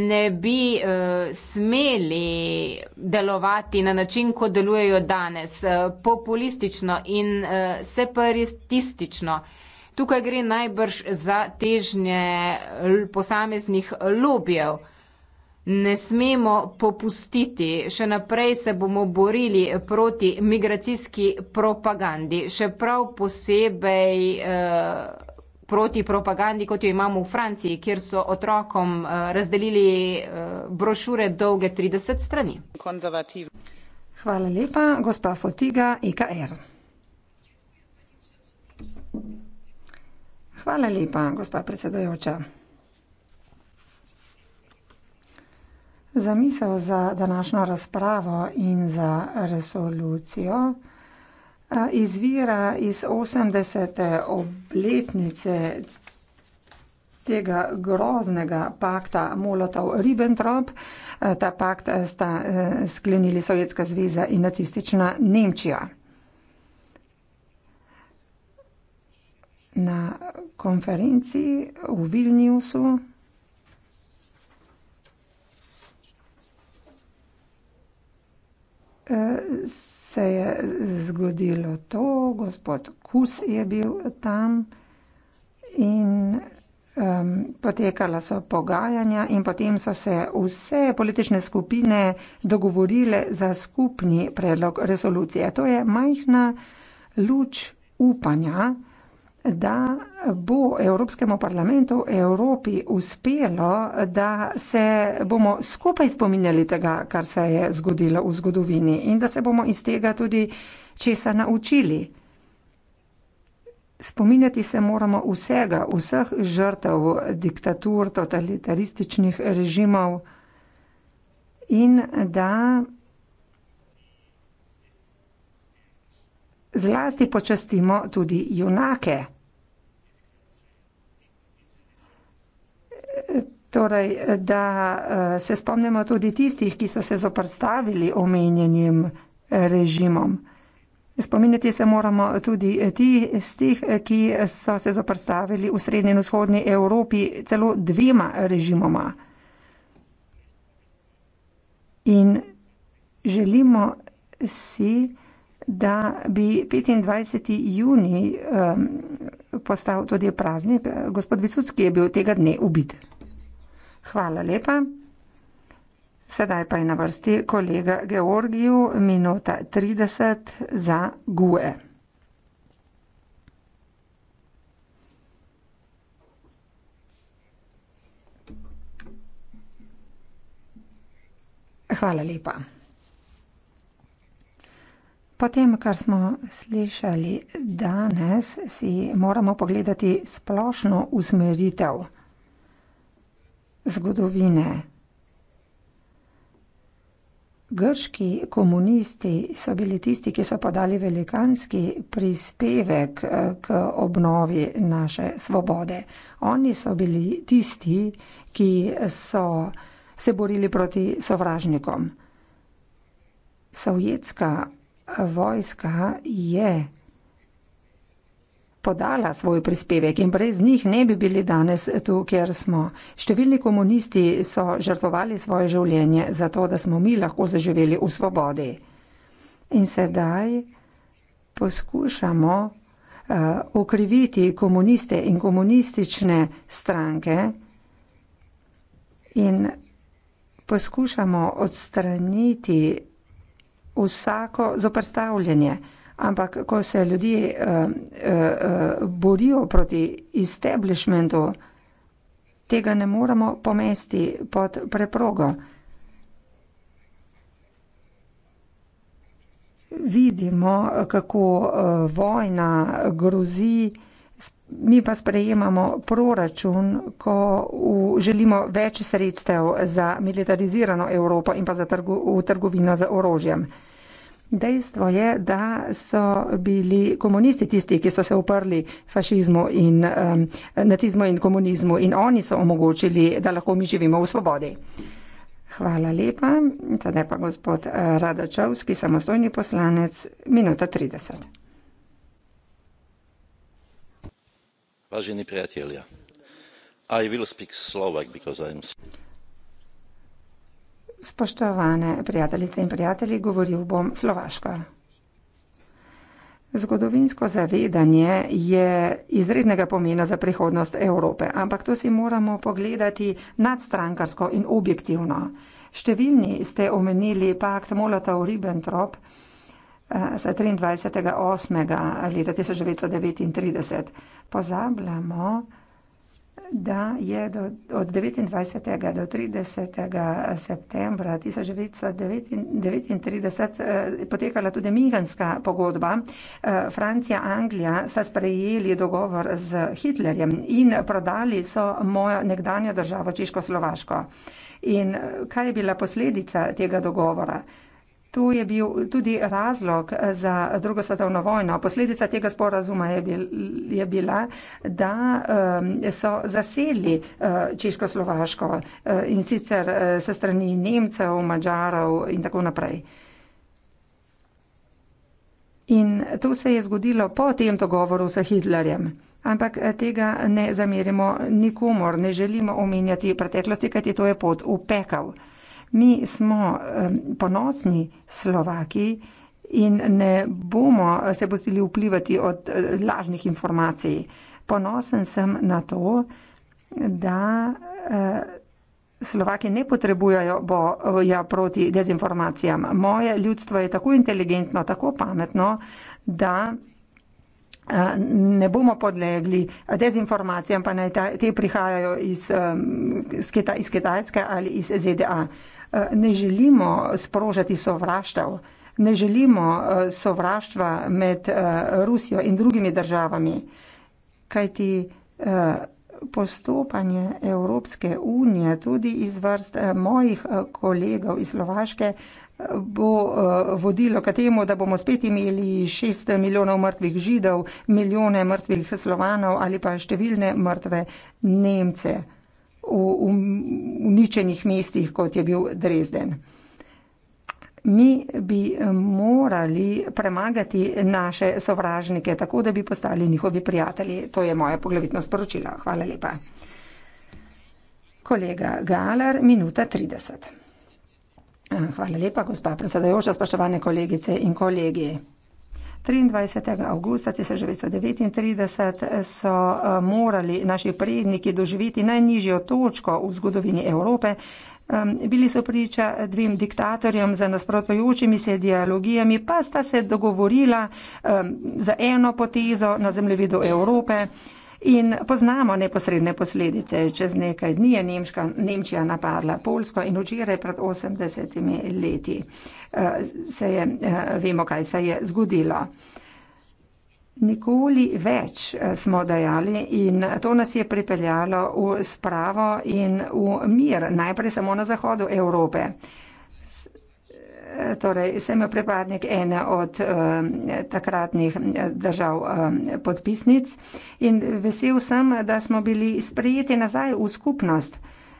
Speaker 4: ne bi uh, smeli delovati na način, kot delujejo danes, uh, populistično in uh, separatistično. Tukaj gre najbrž za težnje posameznih lobijev. Ne smemo popustiti, še naprej se bomo borili proti migracijski propagandi, še prav posebej uh, protipropagandi, kot jo imamo v Franciji, kjer so otrokom eh, razdelili eh, brošure dolge 30 strani. Hvala lepa, gospa Fotiga, IKR.
Speaker 2: Hvala lepa, gospa predsedojoča. Zamisel za današnjo razpravo in za resolucijo izvira iz osemdesete obletnice tega groznega pakta Molotov-Ribbentrop. Ta pakt sta eh, sklenili Sovjetska zveza in nacistična Nemčija. Na konferenci v Vilniusu eh, se je zgodilo to, gospod Kus je bil tam in um, potekala so pogajanja in potem so se vse politične skupine dogovorile za skupni predlog resolucije. To je majhna luč upanja da bo Evropskemu parlamentu Evropi uspelo, da se bomo skupaj spominjali tega, kar se je zgodilo v zgodovini in da se bomo iz tega tudi česa naučili. Spominjati se moramo vsega, vseh žrtev diktatur, totalitarističnih režimov in da. zlasti počastimo tudi junake. Torej, da eh, se spomnimo tudi tistih, ki so se zoprstavili omenjenim režimom. Spominjati se moramo tudi eh, tistih, eh, ki so se zoprstavili v srednji in vzhodni Evropi celo dvema režimoma. In želimo si, da bi 25. juni um, postal tudi praznik. Gospod Visucki je bil tega dne ubit. Hvala lepa. Sedaj pa je na vrsti kolega Georgiju, minuta 30 za GUE. Hvala lepa. Po tem, kar smo slišali danes, si moramo pogledati splošno usmeritev zgodovine. Grški komunisti so bili tisti, ki so podali velikanski prispevek eh, k obnovi naše svobode. Oni so bili tisti, ki so se borili proti sovražnikom. Sovjetska vojska je podala svoj prispevek in brez njih ne bi bili danes tu, kjer smo. Številni komunisti so žrtvovali svoje življenje za to, da smo mi lahko zaživeli v svobodi. In sedaj poskušamo uh, okriviti komuniste in komunistične stranke in poskušamo odstraniti vsako zoprstavljanje, ampak ko se ljudje uh, uh, borijo proti establishmentu, tega ne moremo pomesti pod preprogo. Vidimo, kako uh, vojna grozi. Uh, Mi pa sprejemamo proračun, ko v, želimo več sredstev za militarizirano Evropo in pa za trgu, trgovino z orožjem. Dejstvo je, da so bili komunisti tisti, ki so se uprli fašizmu in um, nacizmu in komunizmu in oni so omogočili, da lahko mi živimo v svobodi. Hvala lepa. Sedaj pa gospod uh, Radačovski, samostojni poslanec, minuta 30. vážení priatelia i will speak slovak because i am Spoštovane prijateljice in prijatelji, govoril bom slovaško. Zgodovinsko zavedanje je izrednega pomena za prihodnost Evrope, ampak to si moramo pogledati nadstrankarsko in objektivno. Številni ste omenili pakt Molotov-Ribbentrop, Za 23. 8. leta 1939 pozabljamo, da je do, od 29. do 30. septembra 1939 eh, potekala tudi Minhenska pogodba. Eh, Francija, Anglija sta sprejeli dogovor z Hitlerjem in prodali so mojo nekdanjo državo Češko-Slovaško. In eh, kaj je bila posledica tega dogovora? To je bil tudi razlog eh, za drugo svetovno vojno. Posledica tega sporazuma je, bil, je bila, da um, so zaseli uh, Češko-Slovaško uh, in sicer uh, se strani Nemcev, Mačarov in tako naprej. In to se je zgodilo po tem dogovoru s Hitlerjem. Ampak tega ne zamerimo nikomor, ne želimo omenjati preteklosti, kajti to je pot v pekel. Mi smo ponosni Slovaki in ne bomo eh, se postili vplivati od eh, lažnih informacij. Ponosen sem na to, da eh, Slovaki ne potrebujejo boja proti dezinformacijam. Moje ljudstvo je tako inteligentno, tako pametno, da ne bomo podlegli dezinformacijam, pa naj te prihajajo iz, iz Kitajske ali iz ZDA ne želimo sprožati sovraštev, ne želimo eh, sovraštva med eh, Rusijo in drugimi državami, kajti eh, postopanje Evropske unije, tudi iz vrst mojih kolegov iz Slovaške, bo vodilo k temu, da bomo spet imeli 6 milijonov mrtvih židov, milijone mrtvih slovanov ali pa številne mrtve Nemce v uničenih mestih, kot je bil Dresden. Mi bi eh, morali premagati naše sovražnike, tako da bi postali njihovi prijatelji. To je moje poglavitno sporočilo. Hvala lepa. Kolega Galar, minuta 30. Eh, hvala lepa, gospa predsedajoča, spoštovane kolegice in kolegi. 23. avgusta 1939 so eh, morali naši predniki doživeti najnižjo točko v zgodovini Evrope. Bili so priča dvim diktatorjem za nasprotujočimi se ideologijami, pa sta se dogovorila za eno potezo na zemljevidu Evrope. In poznamo neposredne posledice. Čez nekaj dni je Nemška, Nemčija napadla Polsko in včeraj pred 80 leti eh, se je, eh, vemo, kaj se je zgodilo. Nikoli več eh, smo dajali in to nas je pripeljalo v spravo in v mir, najprej samo na zahodu Evrope torej sem prepadnik ene od eh, takratnih eh, držav eh, podpisnic in vesel sem, da smo bili sprejeti nazaj v skupnost.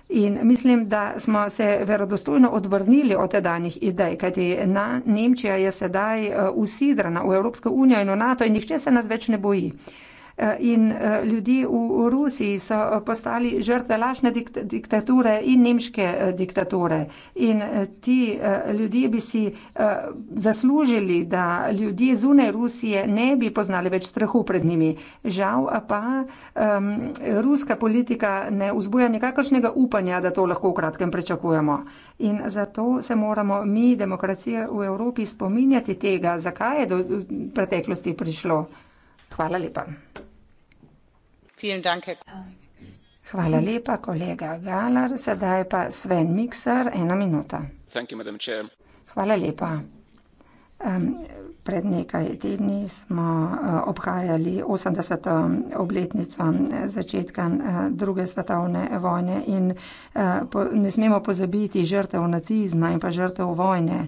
Speaker 2: In mislim, da smo se verodostojno odvrnili od danih idej, kajti na Nemčija je sedaj eh, usidrana v Evropsko unijo in v NATO in nihče se nas več ne boji. Uh, in eh, ljudi v Rusiji so eh, postali žrtve lažne dikt diktature in nemške eh, diktature. In ti ljudje bi si zaslužili, da ljudje zune Rusije ne bi poznali več strahu pred njimi. Žal pa um, ruska politika ne vzbuja nikakršnega upanja, da to lahko v kratkem pričakujemo. In zato se moramo mi, demokracije v Evropi, spominjati tega, zakaj je do preteklosti prišlo. Hvala lepa. Hvala lepa, kolega Galar. Sedaj pa Sven Mikser, ena minuta. Hvala lepa. Pred nekaj tedni smo eh, obhajali 80. Eh, obletnico eh, začetka druge svetovne vojne in ne smemo pozabiti žrtev nacizma in pa žrtev vojne.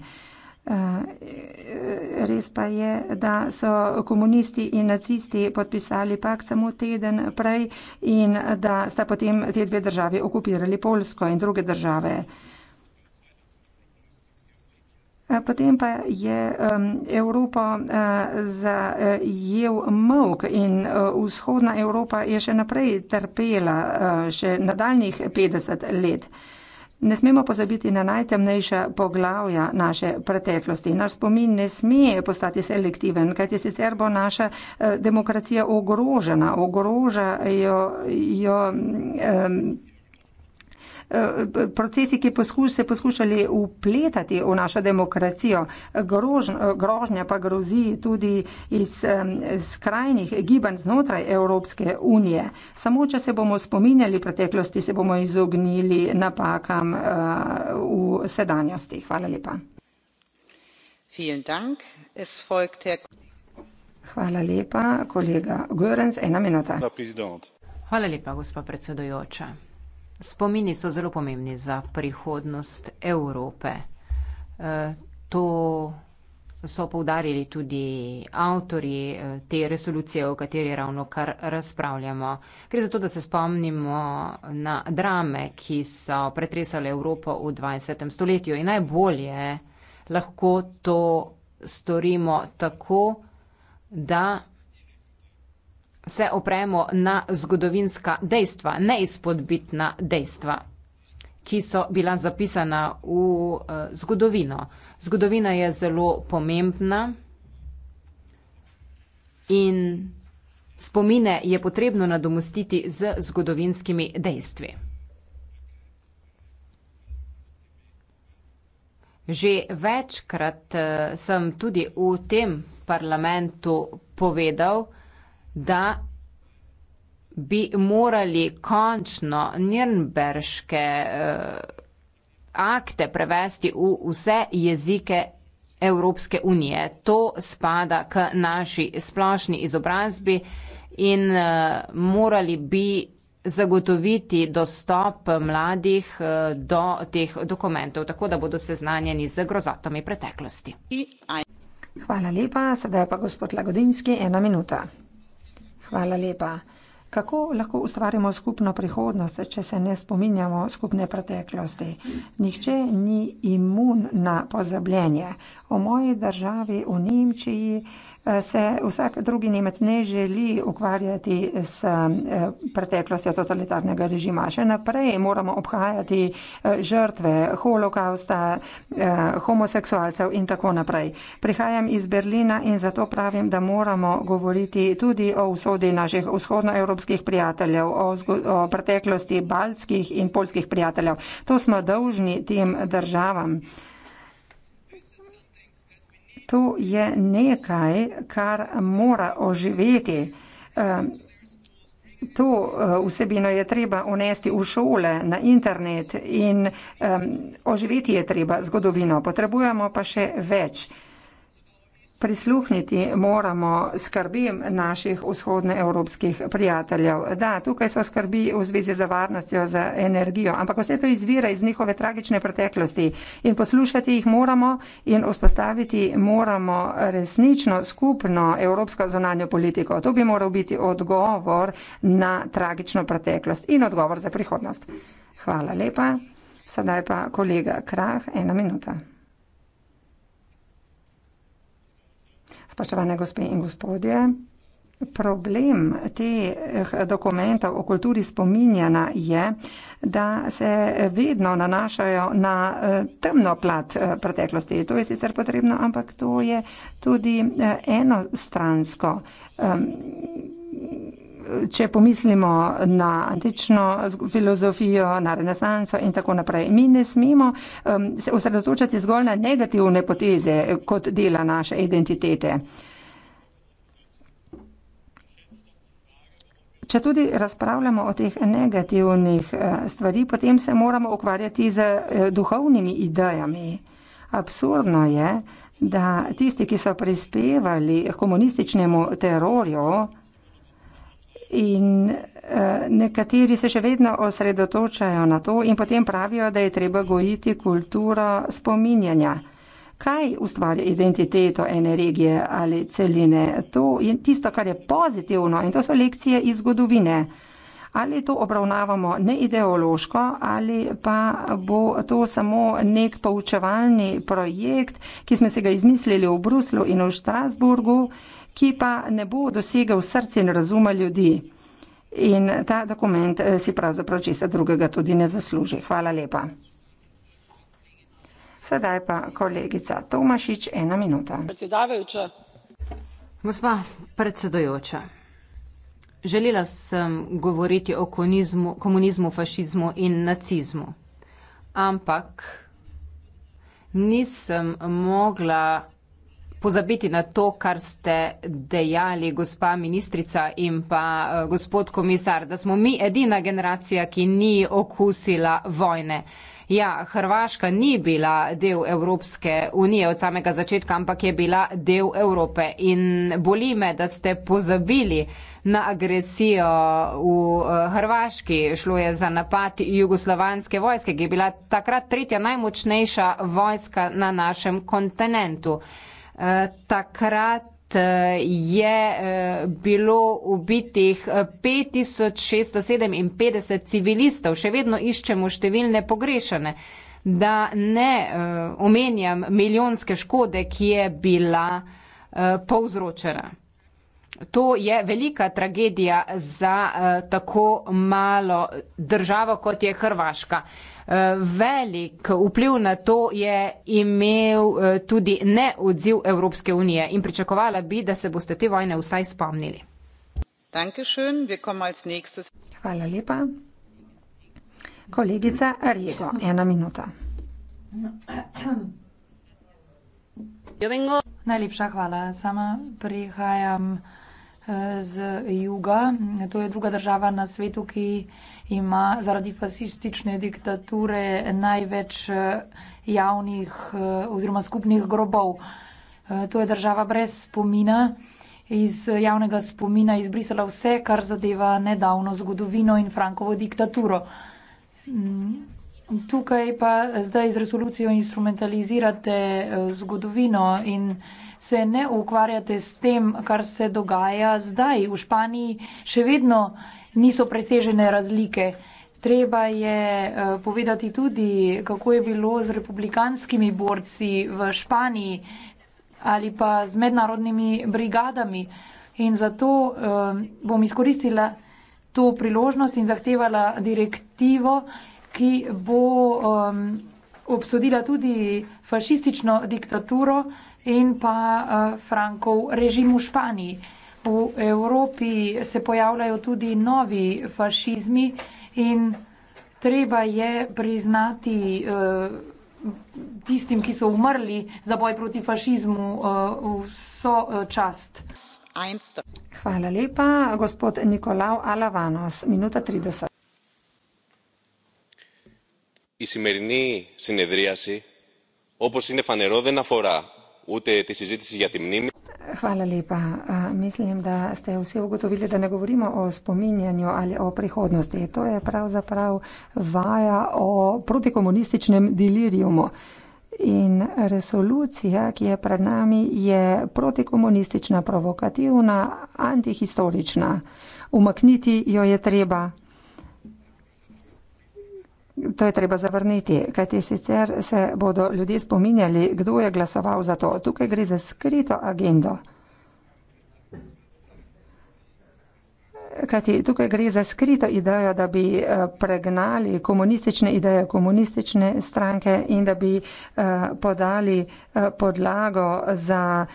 Speaker 2: Eh, res pa je, da so komunisti in nacisti podpisali pakt samo teden prej in da sta potem te dve državi okupirali Polsko in druge države. Eh, potem pa je Evropo eh, zajel mok in vzhodna Evropa je še naprej trpela še nadaljnih 50 let. Ne smemo pozabiti na najtemnejša poglavja naše preteklosti. Naš spomin ne sme postati selektiven, kajti sicer bo naša eh, demokracija ogrožena, ogroža jo. jo eh, um, Eh, procesi, ki poskuš, se poskušali upletati v našo demokracijo. Grož, grožnja pa grozi tudi iz skrajnih gibanj znotraj Evropske unije. Samo, če se bomo spominjali preteklosti, se bomo izognili napakam eh, v sedanjosti. Hvala lepa. Hvala lepa, kolega Görens, ena minuta.
Speaker 4: Hvala lepa, gospa predsedujoča spomini so zelo pomembni za prihodnost Evrope. E, to so povdarili tudi avtori e, te resolucije, o kateri ravno kar razpravljamo. Gre za to, da se spomnimo na drame, ki so pretresale Evropo v 20. stoletju in najbolje lahko to storimo tako, da se opremo na zgodovinska dejstva, neizpodbitna dejstva, ki so bila zapisana v eh, zgodovino. Zgodovina je zelo pomembna in spomine je potrebno nadomostiti z zgodovinskimi dejstvi. Že večkrat eh, sem tudi v tem parlamentu povedal, da bi morali končno nirnberške eh, akte prevesti v vse jezike Evropske unije. To spada k naši splošni izobrazbi in eh, morali bi zagotoviti dostop mladih eh, do teh dokumentov, tako da bodo seznanjeni z grozotami preteklosti.
Speaker 2: Hvala lepa, sedaj pa gospod Lagodinski, ena minuta. Hvala lepa. Kako lahko ustvarimo skupno prihodnost, če se ne spominjamo skupne preteklosti? Nihče ni imun na pozabljenje. O moji državi v Nemčiji se vsak drugi Nemec ne želi ukvarjati s eh, preteklostjo totalitarnega režima. Še naprej moramo obhajati eh, žrtve holokausta, eh, homoseksualcev in tako naprej. Prihajam iz Berlina in zato pravim, da moramo govoriti tudi o usodi naših vzhodnoevropskih prijateljev, o, o preteklosti baltskih in polskih prijateljev. To smo dolžni tem državam to je nekaj, kar mora oživeti. Ehm, to eh, vsebino je treba unesti v šole, na internet in ehm, oživeti je treba zgodovino. Potrebujemo pa še več prisluhniti moramo skrbim naših vzhodnoevropskih prijateljev. Da, tukaj so skrbi v zvezi z varnostjo, z energijo, ampak vse to izvira iz njihove tragične preteklosti in poslušati jih moramo in vzpostaviti moramo resnično skupno evropsko zonanjo politiko. To bi moral biti odgovor na tragično preteklost in odgovor za prihodnost. Hvala lepa. Sedaj pa kolega Krah, ena minuta. Spoštovane gospe in gospodje, problem teh dokumentov o kulturi spominjanja je, da se vedno nanašajo na eh, temno plat eh, preteklosti. To je sicer potrebno, ampak to je tudi eh, enostransko. Ehm, če pomislimo na antično filozofijo, na renesanso in tako naprej. Mi ne smemo um, se osredotočati zgolj na negativne poteze kot dela naše identitete. Če tudi razpravljamo o teh negativnih eh, stvari, potem se moramo ukvarjati z eh, duhovnimi idejami. Absurdno je, da tisti, ki so prispevali komunističnemu terorju, in eh, nekateri se še vedno osredotočajo na to in potem pravijo, da je treba gojiti kulturo spominjanja. Kaj ustvarja identiteto ene regije ali celine? To je tisto, kar je pozitivno in to so lekcije iz zgodovine. Ali to obravnavamo neideološko ali pa bo to samo nek poučevalni projekt, ki smo se ga izmislili v Bruslu in v Štrasburgu ki pa ne bo dosegel srca in razuma ljudi. In ta dokument eh, si pravzaprav česa drugega tudi ne zasluži. Hvala lepa. Sedaj pa kolegica Tomašič, ena minuta.
Speaker 4: Predsedavajoča. Gospa predsedujoča, želela sem govoriti o konizmu, komunizmu, fašizmu in nacizmu, ampak nisem mogla pozabiti na to, kar ste dejali, gospa ministrica in pa eh, gospod komisar, da smo mi edina generacija, ki ni okusila vojne. Ja, Hrvaška ni bila del Evropske unije od samega začetka, ampak je bila del Evrope. In boli me, da ste pozabili na agresijo v eh, Hrvaški. Šlo je za napad jugoslovanske vojske, ki je bila takrat tretja najmočnejša vojska na našem kontinentu takrat eh, je eh, bilo ubitih 5657 eh, civilistov, še vedno iščemo številne pogrešane, da ne omenjam milijonske škode, ki je bila povzročena. To je velika tragedija za tako malo državo, kot je Hrvaška. Eh, velik vpliv na to je imel eh, tudi neodziv Evropske unije in pričakovala bi, da se boste te vojne vsaj spomnili. Hvala lepa. Kolegica Arjego, ena
Speaker 2: minuta.
Speaker 3: Najlepša
Speaker 1: hvala. Sama prihajam eh, z juga. To je druga država na svetu, ki ima zaradi fasistične diktature največ eh, javnih eh, oziroma skupnih grobov. Eh, to je država brez spomina, iz javnega spomina izbrisala vse, kar zadeva nedavno zgodovino in Frankovo diktaturo. Mm, tukaj pa zdaj z resolucijo instrumentalizirate zgodovino in se ne ukvarjate s tem, kar se dogaja zdaj. V Španiji še vedno niso presežene razlike. Treba je eh, povedati tudi, kako je bilo z republikanskimi borci v Španiji ali pa z mednarodnimi brigadami. In zato eh, bom izkoristila to priložnost in zahtevala direktivo, ki bo eh, obsodila tudi fašistično diktaturo in pa Frankov režim v Španiji. V Evropi se pojavljajo tudi novi fašizmi in treba je priznati eh, tistim, ki so umrli za boj proti fašizmu, eh,
Speaker 2: vso eh, čast. Hvala lepa, gospod Nikolao Alavanos, minuta 30.
Speaker 3: Η σημερινή
Speaker 2: συνεδρίαση, όπως είναι φανερό, δεν αφορά ούτε τη συζήτηση για τη μνήμη. Hvala lepa. Mislim, da ste vsi ugotovili, da ne govorimo o spominjanju ali o prihodnosti. To je pravzaprav vaja o protikomunističnem delirijumu. In resolucija, ki je pred nami, je protikomunistična, provokativna, antihistorična. Umakniti jo je treba To je treba zavrniti, kajti sicer se bodo ljudje spominjali, kdo je glasoval za to. Tukaj gre za skrito agendo. Kajti tukaj gre za skrito idejo, da bi eh, pregnali komunistične ideje, komunistične stranke in da bi eh, podali eh, podlago za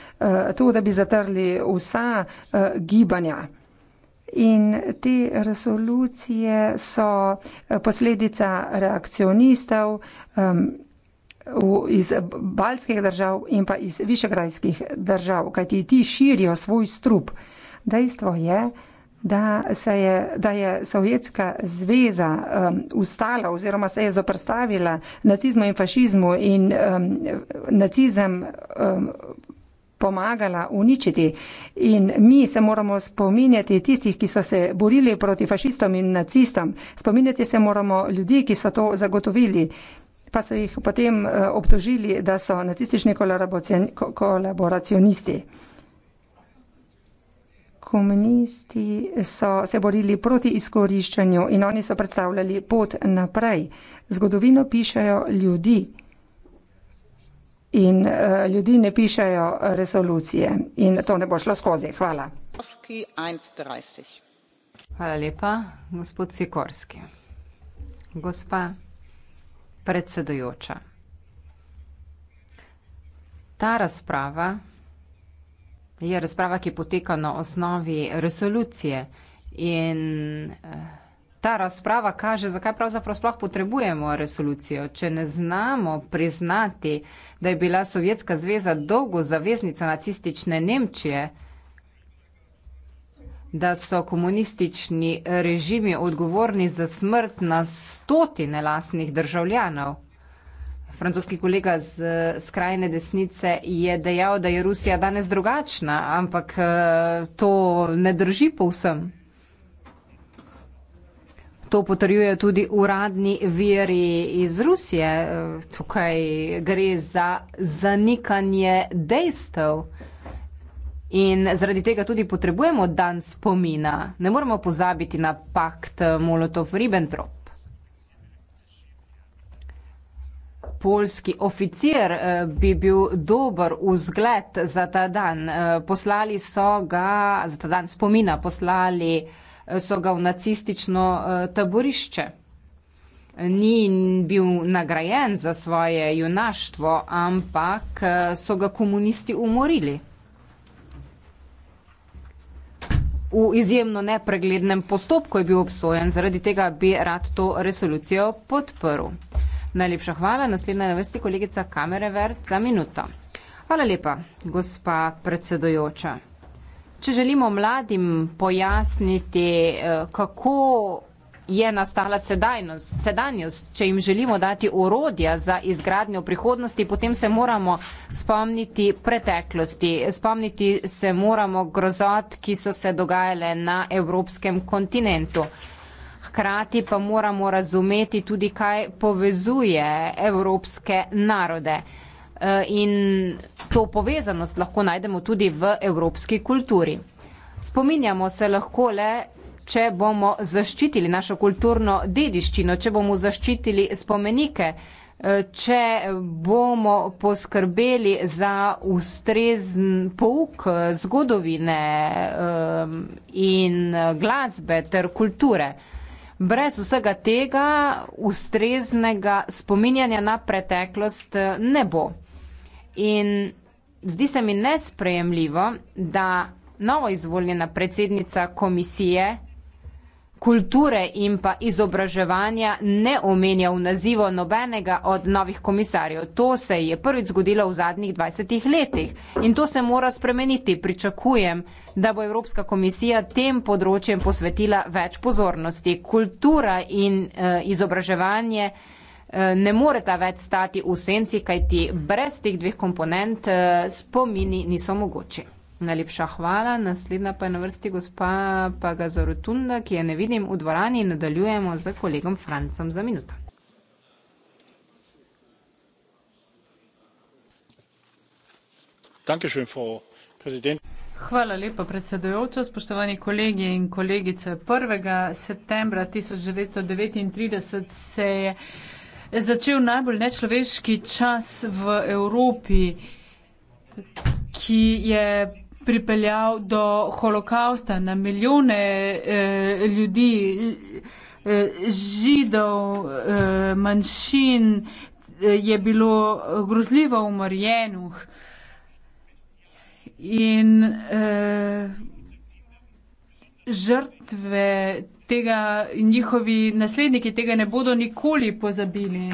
Speaker 2: to, da bi zatrli vsa gibanja. In te resolucije so eh, posledica reakcionistov um, v, iz baljskih držav in pa iz višegrajskih držav, kajti ti širijo svoj strup. Dejstvo je, da, se je, da je Sovjetska zveza um, ustala oziroma se je zoprstavila nacizmu in fašizmu in um, nacizem. Um, pomagala uničiti. In mi se moramo spominjati tistih, ki so se borili proti fašistom in nacistom. Spominjati se moramo ljudi, ki so to zagotovili, pa so jih potem eh, obtožili, da so nacistični kolaboracionisti. Komunisti so se borili proti izkoriščanju in oni so predstavljali pot naprej. Zgodovino pišajo ljudi in uh, ljudi ne pišajo resolucije in to ne bo šlo skozi. Hvala. Hvala
Speaker 4: lepa, gospod Sikorski. Gospa predsedujoča. Ta razprava je razprava, ki poteka na osnovi resolucije in uh, ta razprava kaže, zakaj pravzaprav sploh potrebujemo resolucijo. Če ne znamo priznati, da je bila Sovjetska zveza dolgo zaveznica nacistične Nemčije, da so komunistični režimi odgovorni za smrt na stotine lastnih državljanov. Francoski kolega z skrajne desnice je dejal, da je Rusija danes drugačna, ampak eh, to ne drži povsem. To potrjuje tudi uradni viri iz Rusije. Tukaj gre za zanikanje dejstev. In zaradi tega tudi potrebujemo dan spomina. Ne moramo pozabiti na pakt Molotov-Ribbentrop. Polski oficir eh, bi bil dober vzgled za ta dan. Eh, poslali so ga, za ta dan spomina poslali so ga v nacistično eh, taborišče. Ni bil nagrajen za svoje junaštvo, ampak eh, so ga komunisti umorili. V izjemno nepreglednem postopku je bil obsojen, zaradi tega bi rad to resolucijo podprl. Najlepša hvala, naslednja je na vesti kolegica Kamerevert za minuto. Hvala lepa, gospa predsedojoča. Če želimo mladim pojasniti, eh, kako je nastala sedajnost, sedanjost, če jim želimo dati orodja za izgradnjo prihodnosti, potem se moramo spomniti preteklosti, spomniti se moramo grozot, ki so se dogajale na evropskem kontinentu. Hkrati pa moramo razumeti tudi, kaj povezuje evropske narode. Eh, in to povezanost lahko najdemo tudi v evropski kulturi. Spominjamo se lahko le, če bomo zaščitili našo kulturno dediščino, če bomo zaščitili spomenike, eh, če bomo poskrbeli za ustrezen pouk eh, zgodovine in glasbe ter kulture. Brez vsega tega ustreznega spominjanja na preteklost ne bo. In zdi se mi nesprejemljivo, da novo izvoljena predsednica komisije kulture in pa izobraževanja ne omenja v nazivo nobenega od novih komisarjev. To se je prvič zgodilo v zadnjih 20 letih in to se mora spremeniti. Pričakujem, da bo Evropska komisija tem področjem posvetila več pozornosti. Kultura in uh, izobraževanje uh, Eh, ne moreta več stati v senci, kajti brez teh dveh komponent eh, spomini niso mogoče. Najlepša hvala. Naslednja pa je na vrsti gospa Pagaza Rotunda, ki je ne vidim v dvorani. Nadaljujemo z kolegom Francem za minuto.
Speaker 3: Hvala lepa, predsedujoča. Spoštovani kolegi in kolegice, 1. septembra 1939 se je začel najbolj nečloveški čas v Evropi, ki je pripeljal do holokausta na milijone eh, ljudi, eh, židov, eh, manjšin, eh, je bilo grozljivo umorjenih. In eh, žrtve tega, njihovi nasledniki tega ne bodo nikoli pozabili.